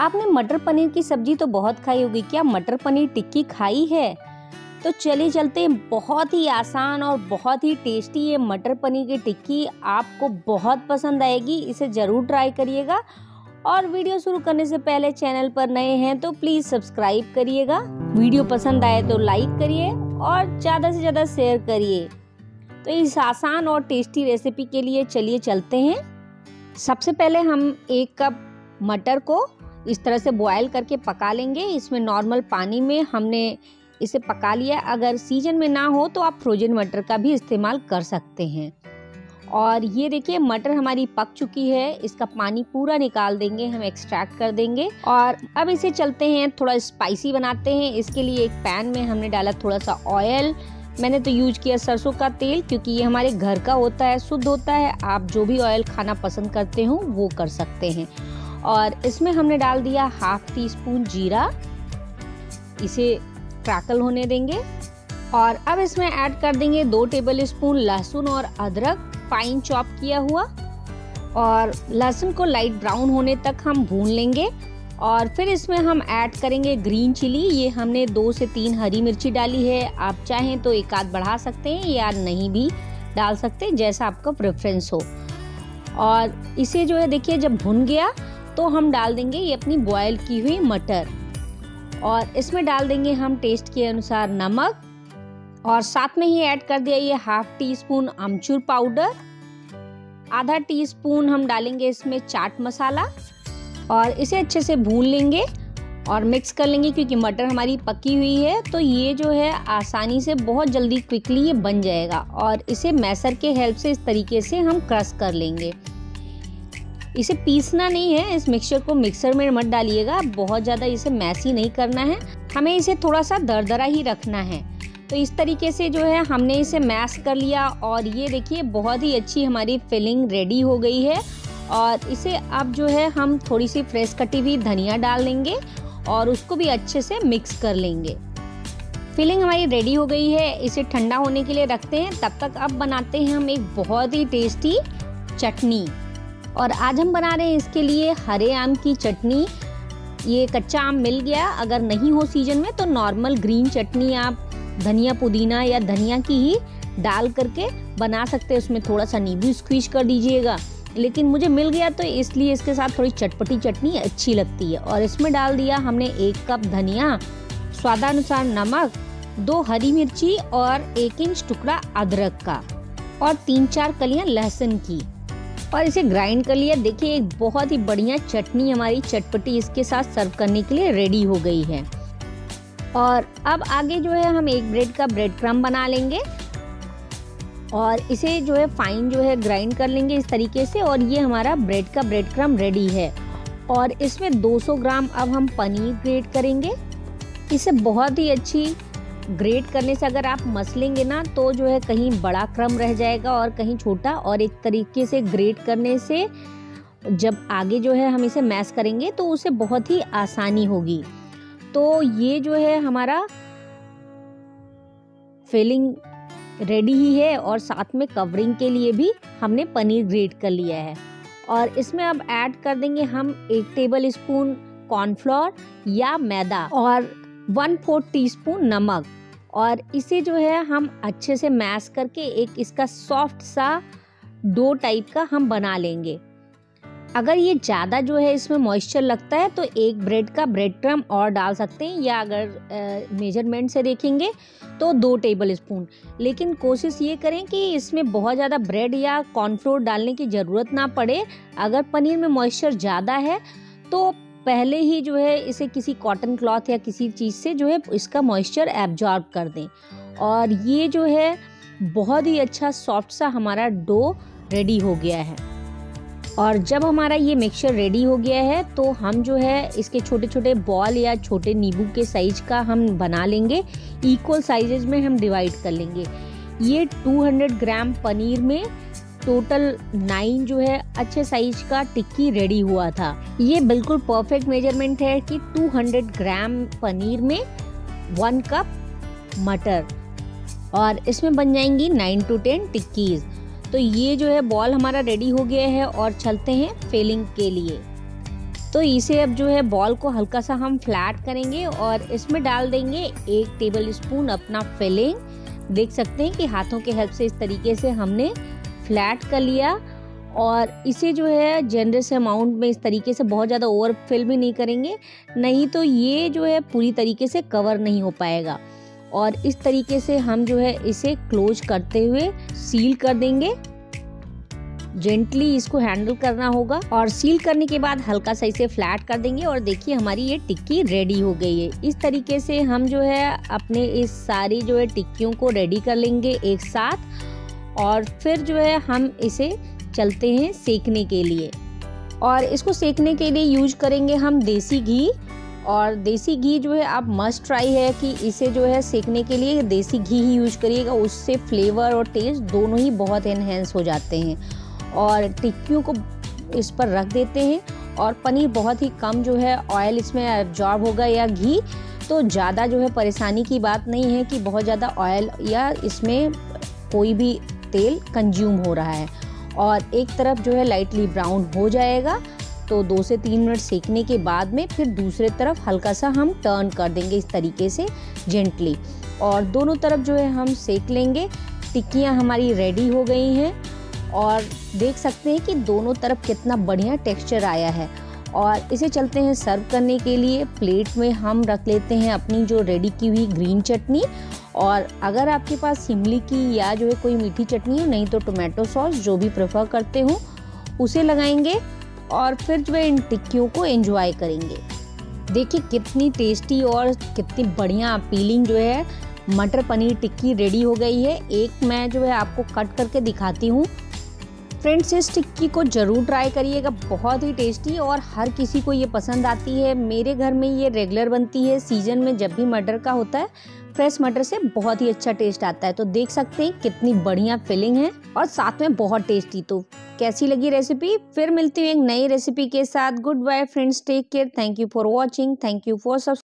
आपने मटर पनीर की सब्जी तो बहुत खाई होगी क्या मटर पनीर टिक्की खाई है तो चलिए चलते बहुत ही आसान और बहुत ही टेस्टी ये मटर पनीर की टिक्की आपको बहुत पसंद आएगी इसे ज़रूर ट्राई करिएगा और वीडियो शुरू करने से पहले चैनल पर नए हैं तो प्लीज़ सब्सक्राइब करिएगा वीडियो पसंद आए तो लाइक करिए और ज़्यादा से ज़्यादा शेयर करिए तो इस आसान और टेस्टी रेसिपी के लिए चलिए चलते हैं सबसे पहले हम एक कप मटर को इस तरह से बॉयल करके पका लेंगे इसमें नॉर्मल पानी में हमने इसे पका लिया अगर सीजन में ना हो तो आप फ्रोजन मटर का भी इस्तेमाल कर सकते हैं और ये देखिए मटर हमारी पक चुकी है इसका पानी पूरा निकाल देंगे हम एक्सट्रैक्ट कर देंगे और अब इसे चलते हैं थोड़ा स्पाइसी बनाते हैं इसके लिए एक पैन में हमने डाला थोड़ा सा ऑयल मैंने तो यूज किया सरसों का तेल क्योंकि ये हमारे घर का होता है शुद्ध होता है आप जो भी ऑयल खाना पसंद करते हो वो कर सकते हैं और इसमें हमने डाल दिया हाफ टी स्पून जीरा इसे क्रैकल होने देंगे और अब इसमें ऐड कर देंगे दो टेबल स्पून लहसुन और अदरक फाइन चॉप किया हुआ और लहसुन को लाइट ब्राउन होने तक हम भून लेंगे और फिर इसमें हम ऐड करेंगे ग्रीन चिली ये हमने दो से तीन हरी मिर्ची डाली है आप चाहें तो एक आध बढ़ा सकते हैं या नहीं भी डाल सकते जैसा आपका प्रेफरेंस हो और इसे जो है देखिए जब भुन गया तो हम डाल देंगे ये अपनी बॉयल की हुई मटर और इसमें डाल देंगे हम टेस्ट के अनुसार नमक और साथ में ही ऐड कर दिया ये half teaspoon amchur powder आधा टी स्पून हम डालेंगे इसमें चाट मसाला और इसे अच्छे से भून लेंगे और मिक्स कर लेंगे क्योंकि मटर हमारी पकी हुई है तो ये जो है आसानी से बहुत जल्दी क्विकली ये बन जाएगा और इसे मैसर के हेल्प से इस तरीके से हम क्रश कर लेंगे इसे पीसना नहीं है इस मिक्सचर को मिक्सर में मत डालिएगा बहुत ज़्यादा इसे मैसी नहीं करना है हमें इसे थोड़ा सा दरदरा ही रखना है तो इस तरीके से जो है हमने इसे मैश कर लिया और ये देखिए बहुत ही अच्छी हमारी फिलिंग रेडी हो गई है और इसे अब जो है हम थोड़ी सी फ्रेश कटी हुई धनिया डाल देंगे और उसको भी अच्छे से मिक्स कर लेंगे फिलिंग हमारी रेडी हो गई है इसे ठंडा होने के लिए रखते हैं तब तक अब बनाते हैं हम एक बहुत ही टेस्टी चटनी और आज हम बना रहे हैं इसके लिए हरे आम की चटनी ये कच्चा आम मिल गया अगर नहीं हो सीजन में तो नॉर्मल ग्रीन चटनी आप धनिया पुदीना या धनिया की ही डाल करके बना सकते हैं उसमें थोड़ा सा नींबू स्क्वीज कर दीजिएगा लेकिन मुझे मिल गया तो इसलिए इसके साथ थोड़ी चटपटी चटनी अच्छी लगती है और इसमें डाल दिया हमने एक कप धनिया स्वादानुसार नमक दो हरी मिर्ची और एक इंच टुकड़ा अदरक का और तीन चार कलियां लहसुन की और इसे ग्राइंड कर लिया देखिए एक बहुत ही बढ़िया चटनी हमारी चटपटी इसके साथ सर्व करने के लिए रेडी हो गई है और अब आगे जो है हम एक ब्रेड का ब्रेड क्रम बना लेंगे और इसे जो है फाइन जो है ग्राइंड कर लेंगे इस तरीके से और ये हमारा ब्रेड का ब्रेड क्रम रेडी है और इसमें 200 ग्राम अब हम पनीर ग्रेड करेंगे इसे बहुत ही अच्छी ग्रेट करने से अगर आप मसलेंगे ना तो जो है कहीं बड़ा क्रम रह जाएगा और कहीं छोटा और एक तरीके से ग्रेट करने से जब आगे जो है हम इसे मैस करेंगे तो उसे बहुत ही आसानी होगी तो ये जो है हमारा फिलिंग रेडी ही है और साथ में कवरिंग के लिए भी हमने पनीर ग्रेट कर लिया है और इसमें अब ऐड कर देंगे हम एक टेबल स्पून कॉर्नफ्लोर या मैदा और वन फोर्थ टी स्पून नमक और इसे जो है हम अच्छे से मैश करके एक इसका सॉफ्ट सा डो टाइप का हम बना लेंगे अगर ये ज़्यादा जो है इसमें मॉइस्चर लगता है तो एक ब्रेड का ब्रेड क्रम और डाल सकते हैं या अगर मेजरमेंट से देखेंगे तो दो टेबल स्पून लेकिन कोशिश ये करें कि इसमें बहुत ज़्यादा ब्रेड या कॉर्नफ्लोर डालने की ज़रूरत ना पड़े अगर पनीर में मॉइस्चर ज़्यादा है तो पहले ही जो है इसे किसी कॉटन क्लॉथ या किसी चीज़ से जो है इसका मॉइस्चर एब्जॉर्ब कर दें और ये जो है बहुत ही अच्छा सॉफ्ट सा हमारा डो रेडी हो गया है और जब हमारा ये मिक्सचर रेडी हो गया है तो हम जो है इसके छोटे छोटे बॉल या छोटे नींबू के साइज का हम बना लेंगे इक्वल साइजेज में हम डिवाइड कर लेंगे ये 200 ग्राम पनीर में टोटल नाइन जो है अच्छे साइज का टिक्की रेडी हुआ था ये बिल्कुल परफेक्ट मेजरमेंट है कि 200 ग्राम पनीर में वन कप मटर और इसमें बन जाएंगी नाइन टू टेन टिक्कीज़ तो ये जो है बॉल हमारा रेडी हो गया है और चलते हैं फिलिंग के लिए तो इसे अब जो है बॉल को हल्का सा हम फ्लैट करेंगे और इसमें डाल देंगे एक टेबल स्पून अपना फिलिंग देख सकते हैं कि हाथों के हेल्प से इस तरीके से हमने फ्लैट कर लिया और इसे जो है जेनरस अमाउंट में इस तरीके से बहुत ज़्यादा ओवर फिल भी नहीं करेंगे नहीं तो ये जो है पूरी तरीके से कवर नहीं हो पाएगा और इस तरीके से हम जो है इसे क्लोज करते हुए सील कर देंगे जेंटली इसको हैंडल करना होगा और सील करने के बाद हल्का सा इसे फ्लैट कर देंगे और देखिए हमारी ये टिक्की रेडी हो गई है इस तरीके से हम जो है अपने इस सारी जो है टिक्कियों को रेडी कर लेंगे एक साथ और फिर जो है हम इसे चलते हैं सेकने के लिए और इसको सेकने के लिए यूज करेंगे हम देसी घी और देसी घी जो है आप मस्ट ट्राई है कि इसे जो है सेकने के लिए देसी घी ही यूज करिएगा उससे फ्लेवर और टेस्ट दोनों ही बहुत इन्हेंस हो जाते हैं और टिक्कियों को इस पर रख देते हैं और पनीर बहुत ही कम जो है ऑयल इसमें एब्जॉर्ब होगा या घी तो ज़्यादा जो है परेशानी की बात नहीं है कि बहुत ज़्यादा ऑयल या इसमें कोई भी तेल कंज्यूम हो रहा है और एक तरफ जो है लाइटली ब्राउन हो जाएगा तो दो से तीन मिनट सेकने के बाद में फिर दूसरे तरफ हल्का सा हम टर्न कर देंगे इस तरीके से जेंटली और दोनों तरफ जो है हम सेक लेंगे टिक्कियाँ हमारी रेडी हो गई हैं और देख सकते हैं कि दोनों तरफ कितना बढ़िया टेक्सचर आया है और इसे चलते हैं सर्व करने के लिए प्लेट में हम रख लेते हैं अपनी जो रेडी की हुई ग्रीन चटनी और अगर आपके पास इमली की या जो है कोई मीठी चटनी है नहीं तो टोमेटो सॉस जो भी प्रेफर करते हो उसे लगाएंगे और फिर जो है इन टिक्कियों को एंजॉय करेंगे देखिए कितनी टेस्टी और कितनी बढ़िया अपीलिंग जो है मटर पनीर टिक्की रेडी हो गई है एक मैं जो है आपको कट करके दिखाती हूँ फ्रेंड्स इस टिक्की को ज़रूर ट्राई करिएगा बहुत ही टेस्टी और हर किसी को ये पसंद आती है मेरे घर में ये रेगुलर बनती है सीजन में जब भी मटर का होता है फ्रेश मटर से बहुत ही अच्छा टेस्ट आता है तो देख सकते हैं कितनी बढ़िया फिलिंग है और साथ में बहुत टेस्टी तो कैसी लगी रेसिपी फिर मिलती हूँ एक नई रेसिपी के साथ good bye friends take care thank you for watching thank you for सब